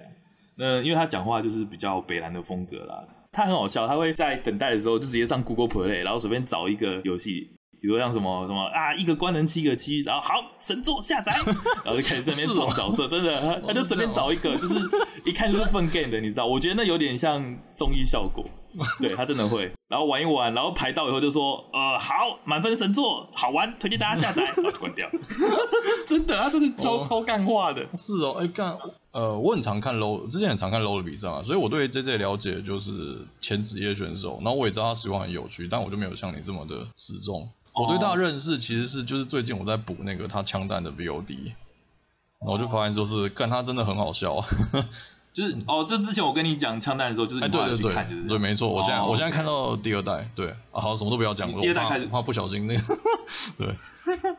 那因為他講話就是比較北爛的風格啦，他很好笑，他會在等待的時候就直接上 Google Play，然後隨便找一個遊戲，比如像什麼什麼啊，一個官能七個七，然後好神作下載，然後就開始在那邊找角色， [laughs] 真的他，他就隨便找一個，是就是一看就是 fun game 的，你知道？我覺得那有點像綜藝效果。 [laughs] 對，他真的會，然後玩一玩，然後排到以後就說，呃，好，滿分神作，好玩，推薦大家下載、 [laughs] 哦。關掉， [laughs] 真的，他真的超、哦、超幹話的。是哦，哎、欸、幹，呃，我很常看 LoL，之前很常看 LoL 的比賽啊，所以我對於 JJ 了解就是前職業選手，然後我也知道他實況很有趣，但我就沒有像你這麼的死忠、哦。我對他的認識其實是就是最近我在補那個他槍彈的 VOD，然後我就發現就是幹、哦、他真的很好笑啊。 [laughs] 就是哦，這之前我跟你講槍彈的時候，就是、哎、對對對、就是、對，沒錯。我現在、oh, okay. 我現在看到第二代，對好、啊、好，什麼都不要講。我第二代開始，話不小心那個， [laughs] [laughs] 對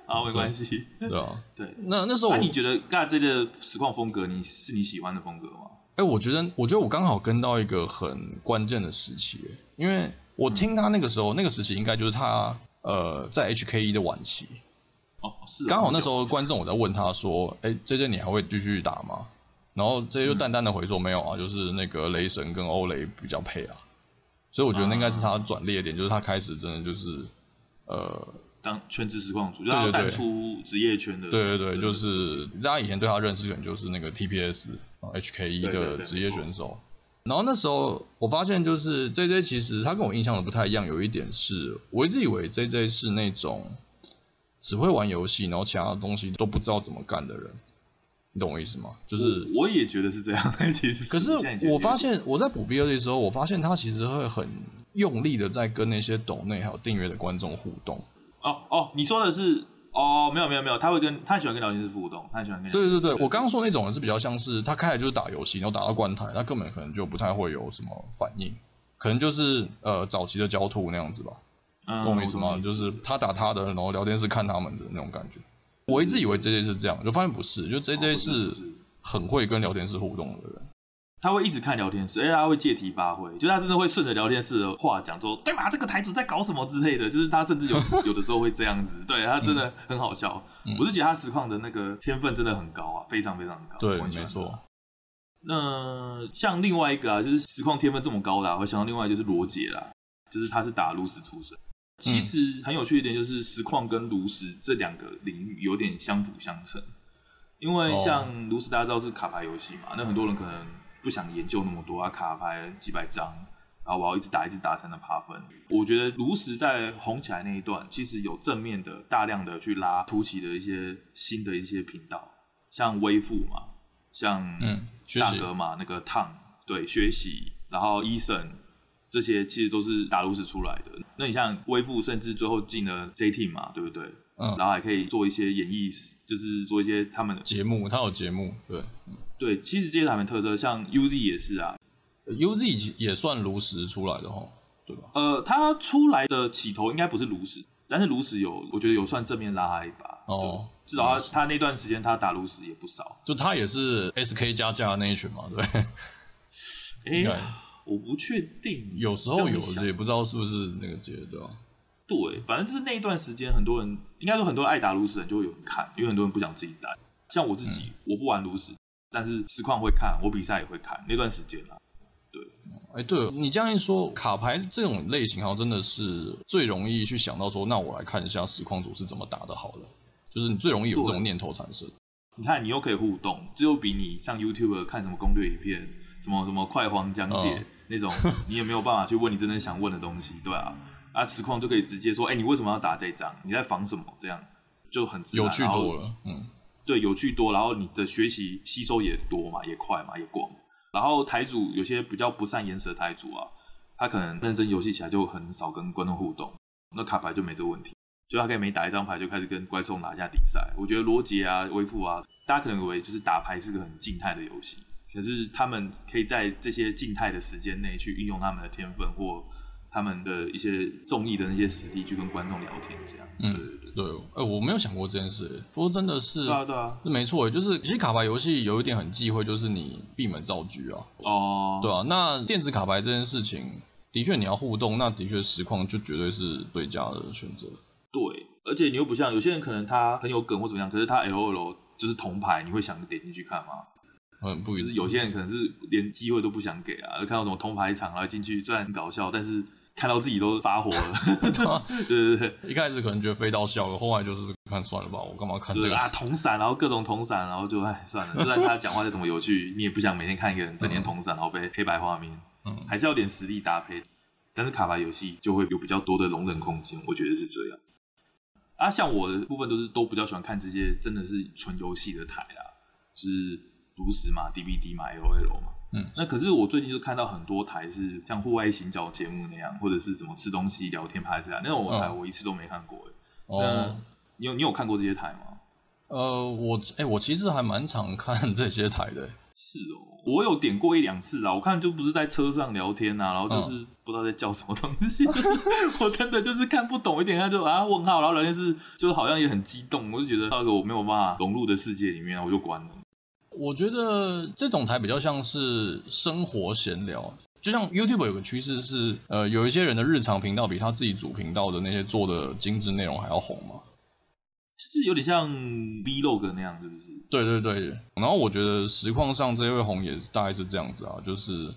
啊，oh, 沒關係，對啊，對。 [laughs] 對，那那時候我，那、啊、你覺得嘎，這個的實況風格，你是你喜歡的風格嗎？哎、欸，我覺得，我覺得我剛好跟到一個很關鍵的時期，因為我聽他那個時候，嗯、那個時期應該就是他呃在 HKE 的晚期、oh, 哦，是剛好那時候那觀眾我在問他說，哎、欸，這些你還會繼續打嗎？然後這就淡淡的回說沒有啊、嗯，就是那個雷神跟歐雷比較配啊，所以我覺得那應該是他轉捩點，啊、就是他開始真的就是呃當全職實況主，對對對，就他淡出職業圈的。對對對，對，就是大家以前對他認識可能就是那個 TPS 啊、嗯、HKE 的職業選手對對對對，然後那時候我發現就是 JJ 其實他跟我印象的不太一樣，有一點是我一直以為 JJ 是那種只會玩遊戲，然後其他東西都不知道怎麼幹的人。你懂我意思嗎？就是我，我也覺得是這樣。其實，可是我發現我在補 VOD 的時候，我發現他其實會很用力的在跟那些抖內還有訂閱的觀眾互動。哦哦，你說的是哦，沒有沒有沒有，他會跟他很喜歡跟聊天室互動，他很喜歡跟聊天對對對，對對對。我剛剛說那種人是比較像是他開始就是打遊戲，然後打到關台，他根本可能就不太會有什麼反應，可能就是呃早期的交土那樣子吧，嗯、懂我意思嗎意思？就是他打他的，然後聊天室看他們的那種感覺。我一直以為 JJ 是這樣，就發現不是，就 JJ 是很會跟聊天室互動的人，他會一直看聊天室，哎、欸，他會借題發揮，就他真的會順着聊天室的話講說，說對吧？這個台主在搞什麼之類的，就是他甚至有 [laughs] 有的時候會這樣子，對，他真的很好笑。嗯、我就覺得他實況的那個天分真的很高啊，非常非常高。對，沒錯。那像另外一個啊，就是實況天分這麼高的，啊，我想到另外就是羅傑啦，就是他是打爐石出身。其實很有趣一點就是實況跟爐石這兩個領域有點相輔相成，因為像爐石大家知道是卡牌遊戲嘛，那很多人可能不想研究那麼多啊，卡牌幾百張，然後我要一直打一直打才能爬分。我覺得爐石在紅起來那一段，其實有正面的大量的去拉凸起的一些新的一些頻道，像微富嘛，像大哥嘛，那個燙，對，學習，然後醫生。這些其實都是打爐石出來的。那你像微付，甚至最後進了 JT 嘛，對不對？嗯。然後還可以做一些演藝，就是做一些他們的節目。他有節目，對。嗯、對，其實這些他們特色，像 UZ 也是啊。呃、UZ 也算爐石出來的哦，對吧？呃，他出來的起頭應該不是爐石，但是爐石有，我覺得有算正面拉他一把哦。至少他那，他那段時間他打爐石也不少，就他也是 SK 加價的那一群嘛，對。 [laughs] 應該。我不確定，有時候有的，也不知道是不是那個節對、啊、對，反正就是那一段時間，很多人應該說很多愛打爐石人就會有人看，因為很多人不想自己打。像我自己，嗯、我不玩爐石，但是實況會看，我比賽也會看那段時間、啊、對，哎、欸，對，你這樣一說，卡牌這種類型，好像真的是最容易去想到說，那我來看一下實況主是怎麼打的，好了，就是你最容易有這種念頭產生。你看，你又可以互動，只有比你上 YouTube 看什麼攻略影片。什麼什麼快慌講解、uh. [laughs] 那種，你也沒有辦法去問你真正想問的東西，對啊，啊實況就可以直接說，哎、欸、你為什麼要打這張？你在防什麼？這樣就很自然，有趣多了、嗯，對，有趣多，然後你的學習吸收也多嘛，也快嘛，也廣。然後台主有些比較不善言辭的台主啊，他可能認真遊戲起來就很少跟觀眾互動，那卡牌就沒這個問題，就他可以每打一張牌就開始跟觀眾打一下比賽。我覺得羅杰啊、威富啊，大家可能以為就是打牌是個很靜態的遊戲。可是他們可以在這些靜態的時間內去運用他們的天分或他們的一些綜藝的那些實力去跟觀眾聊天這樣。嗯，對，對,對，哎、欸，我沒有想過這件事，不過真的是，對啊，對啊，沒錯，就是其實卡牌遊戲有一點很忌諱，就是你閉門造車啊。哦、oh.，對啊，那電子卡牌這件事情，的確你要互動，那的確實況就絕對是最佳的選擇。對，而且你又不像有些人，可能他很有梗或怎麼樣，可是他 L O L 就是銅牌，你會想着點進去看嗎？很不，就是有些人可能是連機會都不想給啊，看到什麼銅牌場，然後進去，雖然很搞笑，但是看到自己都發火了。對對對，一開始可能覺得飛刀笑了，後來就是看算了吧，我幹嘛看這個？對啊，銅傘，然後各種銅傘，然後就哎算了。雖然他講話再怎麼有趣， [laughs] 你也不想每天看一個人整天銅傘，然後被黑白畫面，嗯，還是要有點實力搭配。但是卡牌遊戲就會有比較多的容忍空間，我覺得是這樣。啊，像我的部分都是都比較喜歡看這些，真的是純遊戲的台啊，就是。爐石嘛，DVD 嘛，LOL 嘛，嗯，那可是我最近就看到很多台是像戶外行腳節目那樣，或者是什麼吃東西聊天拍出來那種我台，我一次都沒看過、嗯、那你有你有看過這些台嗎？呃，我哎、欸，我其實還蠻常看這些台的。是哦，我有點過一兩次啦，我看就不是在車上聊天吶、啊，然後就是不知道在叫什麼東西、嗯， [laughs] 我真的就是看不懂一點，他就啊問號，然後聊天室就好像也很激動，我就覺得那個我沒有辦法融入的世界裡面，我就關了。我覺得這種台比較像是生活閒聊，就像 YouTube 有個趨勢是，呃，有一些人的日常頻道比他自己主頻道的那些做的精致內容還要紅嘛，就是有點像 vlog 那樣，是不是？對對對，然後我覺得實況上這位紅也大概是這樣子啊，就是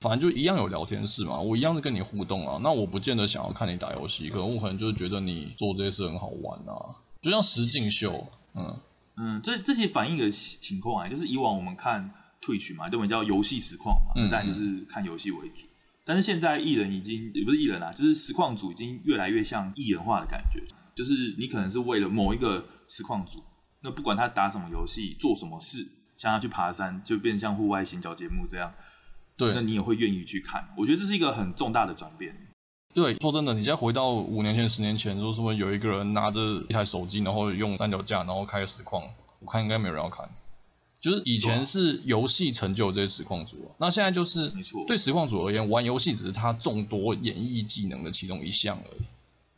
反正就一樣有聊天室嘛，我一樣是跟你互動啊，那我不見得想要看你打遊戲，可能我可能就是覺得你做這些事很好玩啊，就像實境秀，嗯。嗯，這這些反映的情況啊，就是以往我們看 Twitch 嘛，都叫遊戲實況嘛、嗯，但就是看遊戲為主。嗯、但是現在藝人已經也不是藝人啦、啊，就是實況組已經越來越像藝人化的感覺。就是你可能是為了某一個實況組，那不管他打什麼遊戲、做什麼事，像他去爬山，就變成像戶外行腳節目這樣。對，那你也會願意去看。我覺得這是一個很重大的轉變。對，說真的，你現在回到五年前、十年前，說是不是有一個人拿着一台手機，然後用三腳架，然後開實況，我看應該沒有人要看。就是以前是遊戲成就的這些實況主、啊，那現在就是，沒錯，對實況主而言，玩遊戲只是他眾多演繹技能的其中一項而已。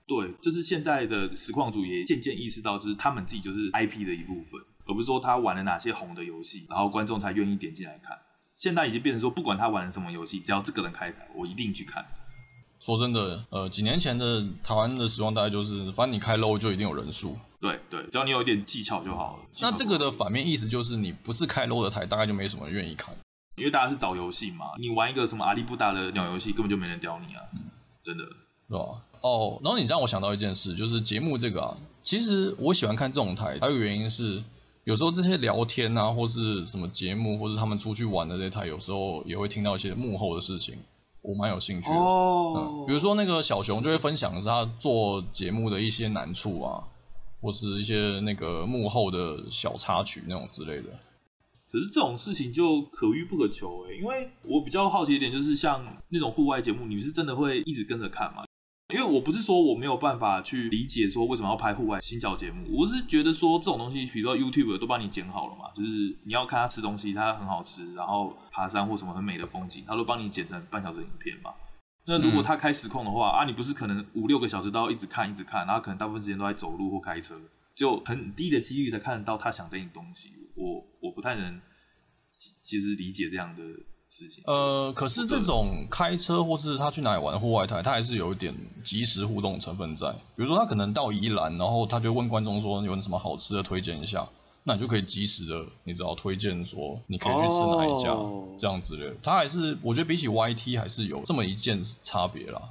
對，就是現在的實況主也漸漸意識到，就是他們自己就是 IP 的一部分，而不是說他玩了哪些紅的遊戲，然後觀眾才願意點進來看。現在已經變成說，不管他玩了什麼遊戲，只要這個人開台，我一定去看。說真的，呃，幾年前的台灣的實況大概就是，反正你開 low 就一定有人數，對對，只要你有一點技巧，技巧就好了。那這個的反面意思就是，你不是開 low 的台，大概就沒什麼人願意看，因為大家是找遊戲嘛，你玩一個什麼阿里不達的鳥遊戲，根本就沒人屌你啊，嗯，真的，是吧？哦，然後你讓我想到一件事，就是節目這個啊，其實我喜歡看這種台，還有原因是，有時候這些聊天啊，或是什麼節目，或者他們出去玩的這些台，有時候也會聽到一些幕後的事情。我蠻有興趣的，哦，嗯，比如說那個小熊就會分享他做節目的一些難處啊，或是一些那個幕後的小插曲那種之類的。可是這種事情就可遇不可求，欸，因為我比較好奇一點，就是像那種戶外節目，你是真的會一直跟着看嗎？因為我不是說我沒有辦法去理解說為什麼要拍戶外行腳節目，我是覺得說這種東西，比如說 YouTuber 都幫你剪好了嘛，就是你要看他吃東西，他很好吃，然後爬山或什麼很美的風景，他都幫你剪成半小時的影片嘛。那如果他開實況的話，嗯、啊，你不是可能五六個小時都要一直看一直看，然後可能大部分時間都在走路或開車，就很低的幾率才看得到他想給你東西。我我不太能其實理解這樣的。呃，可是這種開車或是他去哪裡玩戶外台，他還是有一點即時互動的成分在。比如說他可能到宜蘭，然後他就會問觀眾說有什麼好吃的推薦一下，那你就可以即時的，你只要推薦說你可以去吃哪一家，哦，這樣子的。他還是我覺得比起 YT 還是有這麼一件差別啦，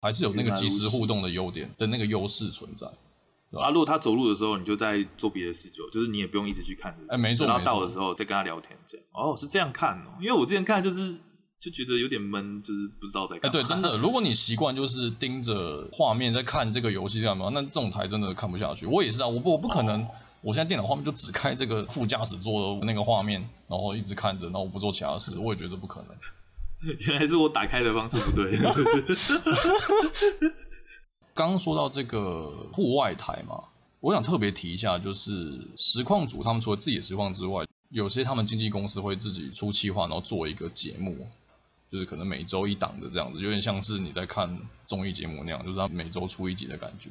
還是有那個即時互動的優點的那個優勢存在。啊，如果他走路的時候，你就在做別的事情，就是你也不用一直去看是不是？哎、欸，沒錯。然後到，到的時候再跟他聊天這樣。哦，是這樣看哦、喔，因為我之前看就是就覺得有點悶，就是不知道在幹嘛、啊。哎、欸，對，真的，如果你習慣就是盯着畫面在看這個遊戲這樣嘛，那這種台真的看不下去。我也是啊，我不我不可能，哦、我現在電腦畫面就只開這個副駕駛座的那個畫面，然後一直看着，然後我不做其他事、嗯，我也覺得不可能。原來是我打開的方式不對 [laughs] [laughs] [laughs] 剛剛說到這個戶外台嘛，我想特別提一下，就是實況主他們除了自己的實況之外，有些他們經紀公司會自己出企劃，然後做一個節目，就是可能每周一檔的這樣子，有點像是你在看綜藝節目那樣，就是他每周出一集的感覺。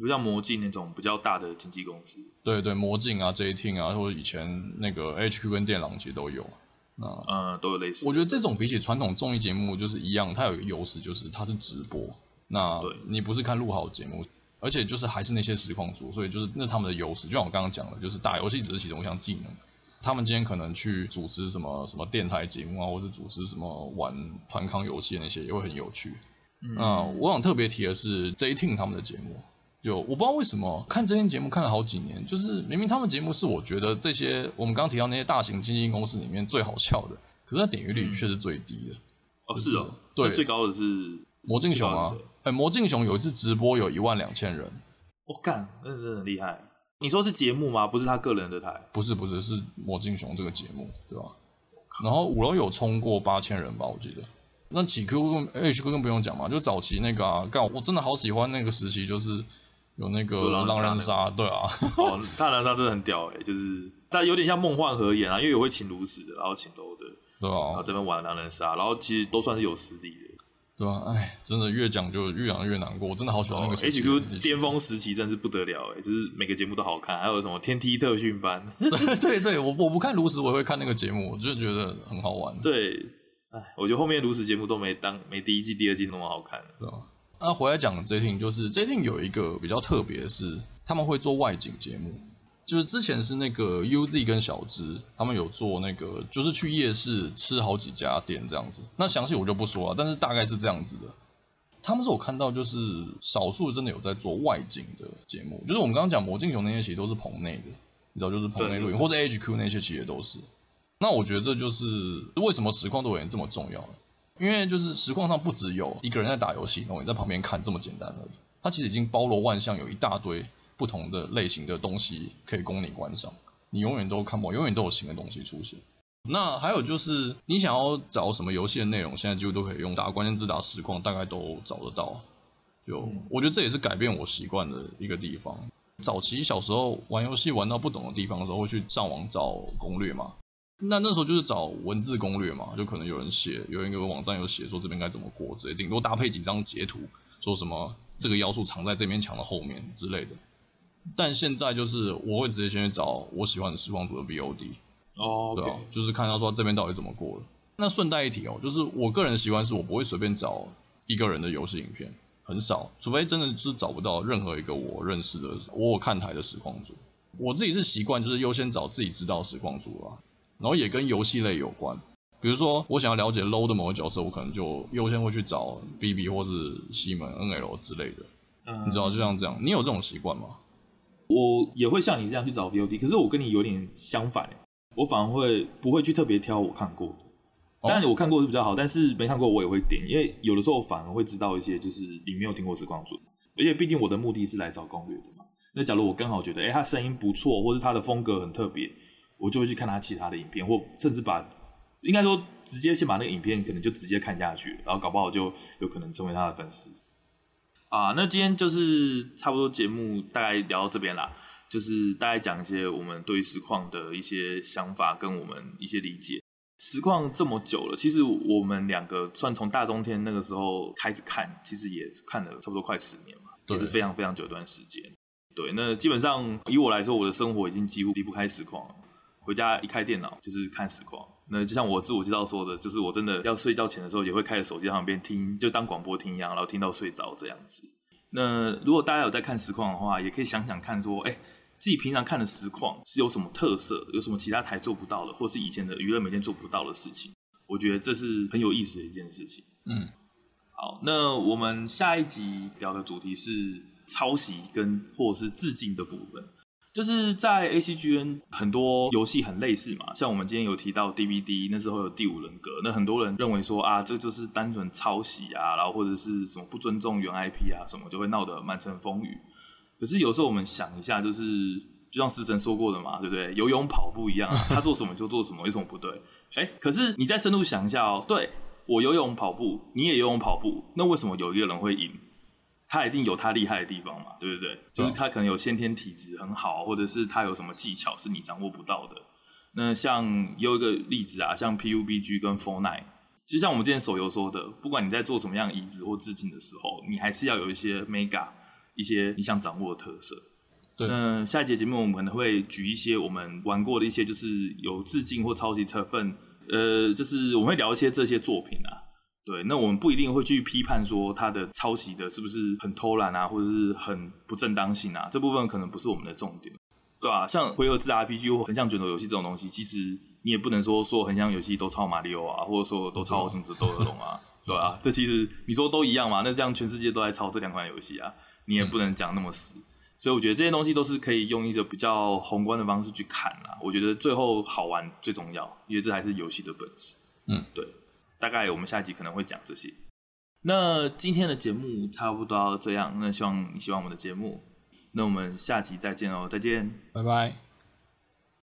就像魔競那種比較大的經紀公司，對對，魔競啊、J Team 啊，或者以前那個 H Q 跟電狼其實都有。那，嗯，都有類似。我覺得這種比起傳統綜藝節目就是一樣，它有一個優勢就是它是直播。那你不是看錄好的節目，而且就是還是那些實況主，所以就是那他們的優勢，就像我剛剛講的，就是打遊戲只是其中一項技能。他們今天可能去主持什麼什麼電台節目啊，或是主持什麼玩團康遊戲那些，也會很有趣。嗯、那我想特別提的是 J Team 他們的節目，就我不知道為什麼看這些節目看了好幾年，就是明明他們節目是我覺得這些我們剛提到那些大型經紀公司裡面最好笑的，可是他點閱率卻是最低的、嗯就是。哦，是哦，對，最高的是哞競熊嗎？哎、欸，哞競熊有一次直播有一萬兩千人，我、哦、幹，那真的很厲害。你說是節目嗎？不是他個人的台，不是，不是，是哞競熊這個節目，對吧？哦、然後五樓有衝過八千人吧，我記得。那起 Q H、欸、Q 更不用講嘛，就早期那個、啊，幹，我真的好喜歡那個時期，就是有那個有有狼人殺、那個，對啊，大、 [laughs] 哦、狼人殺真的很屌哎、欸，就是，但有點像夢幻合演啊，因為我會請爐石的，然後請樓的，對啊、哦，然後這邊玩狼人殺，然後其實都算是有實力的。對吧、啊？哎，真的越講就越講越難過。我真的好喜歡那個 H Q 巔峰時期，真的是不得了哎！就是每個節目都好看，還有什麼天梯特訓班。對對，對， [laughs] 我我不看爐石，我也會看那個節目，我就覺得很好玩。對，哎，我覺得後面爐石節目都沒當沒第一季、第二季那麼好看，對吧、啊？那、啊、回來講 J T，就是最近有一個比較特別的是，他們會做外景節目。就是之前是那個 UZ 跟小芝，他們有做那個，就是去夜市吃好幾家店這樣子。那詳細我就不說了，但是大概是這樣子的。他們是我看到就是少數真的有在做外景的節目，就是我們剛剛講魔鏡熊那些其實都是棚內的，你知道就是棚內錄影，對對對，或者 HQ 那些其實都是。那我覺得這就是為什麼實況錄影這麼重要，因為就是實況上不只有一個人在打遊戲，然後你在旁邊看這麼簡單而已。它其實已經包羅萬象，有一大堆。不同的類型的東西可以供你觀賞，你永遠都看不完，永遠都有新的東西出現。那還有就是，你想要找什麼遊戲的內容，現在幾乎都可以用打關鍵字打實況，大概都找得到。就我覺得這也是改變我習慣的一個地方。早期小時候玩遊戲玩到不懂的地方的時候，會去上網找攻略嘛。那那時候就是找文字攻略嘛，就可能有人寫，有一個網站有寫說這邊該怎麼過之類，頂多搭配幾張截圖，說什麼這個要素藏在這面牆的後面之類的。但現在就是我會直接先去找我喜歡的實況主的 V O D 哦，對啊，就是看到說他這邊到底怎麼過了。那順帶一提哦，就是我個人的習慣是我不會隨便找一個人的遊戲影片，很少，除非真的是找不到任何一個我認識的我有看台的實況主。我自己是習慣就是優先找自己知道實況主啊，然後也跟遊戲類有關，比如說我想要了解 Low 的某個角色，我可能就優先會去找 B B 或是西門 N L 之類的。嗯，你知道就像這樣，你有這種習慣嗎？我也會像你這樣去找 VOD，可是我跟你有點相反，我反而會不會去特別挑我看過的，當然我看過是比較好，但是沒看過我也會點，因為有的時候我反而會知道一些，就是你沒有聽過實況主，而且畢竟我的目的是來找攻略的嘛。那假如我剛好覺得，哎、欸，他聲音不錯，或是他的風格很特別，我就會去看他其他的影片，或甚至把，應該說直接先把那個影片可能就直接看下去，然後搞不好就有可能成為他的粉絲。啊，那今天就是差不多節目大概聊到這邊啦，就是大概講一些我們對於實況的一些想法跟我們一些理解。實況這麼久了，其實我們兩個算從大中天那個時候開始看，其實也看了差不多快十年嘛，都是非常非常久一段時間。對，那基本上以我來說，我的生活已經幾乎離不開實況了，回家一開電腦就是看實況。那就像我自我介紹說的，就是我真的要睡覺前的時候，也會開着手機旁邊聽，就當廣播聽一樣，然後聽到睡着這樣子。那如果大家有在看實況的話，也可以想想看說，說、欸、哎，自己平常看的實況是有什麼特色，有什麼其他台做不到的，或是以前的娛樂每天做不到的事情。我覺得這是很有意思的一件事情。嗯，好，那我們下一集聊的主題是抄襲跟或是致敬的部分。就是在 A C G N 很多遊戲很類似嘛，像我們今天有提到 D V D 那時候有《第五人格》，那很多人認為說啊，這就是單純抄襲啊，然後或者是什麼不尊重原 I P 啊，什麼就會鬧得滿城風雨。可是有時候我們想一下、就是，就是就像師承說過的嘛，對不對？游泳跑步一樣、啊，他做什麼就做什麼，有什麼不對？哎、欸，可是你再深度想一下哦、喔，對我游泳跑步，你也游泳跑步，那為什麼有一個人會贏？他一定有他厲害的地方嘛，對不對？嗯、就是他可能有先天體質很好，或者是他有什麼技巧是你掌握不到的。那像有一個例子啊，像 PUBG 跟 Fortnite 就像我們之前手遊說的，不管你在做什麼樣的移植或致敬的時候，你還是要有一些 mega，一些你想掌握的特色。那、呃、下一節節目我們可能會舉一些我們玩過的一些，就是有致敬或抄襲成分，呃，就是我們會聊一些這些作品啊。對，那我們不一定會去批判說他的抄襲的是不是很偷懶啊，或者是很不正當性啊，這部分可能不是我們的重點。對啊，像回合制 RPG 或橫向卷軸遊戲這種東西，其實你也不能說說橫向遊戲都抄馬里奧啊，或者說都抄，啊，什麼鬥龍啊，對啊，這其實你說都一樣嘛。那這樣全世界都在抄這兩款遊戲啊，你也不能講那麼死，嗯。所以我覺得這些東西都是可以用一個比較宏觀的方式去看啦，啊。我覺得最後好玩最重要，因為這還是遊戲的本質。嗯，對。大概我們下一集可能會講這些，那今天的節目差不多這樣，那希望你喜歡我們的節目，那我們下集再見哦，再見，拜拜。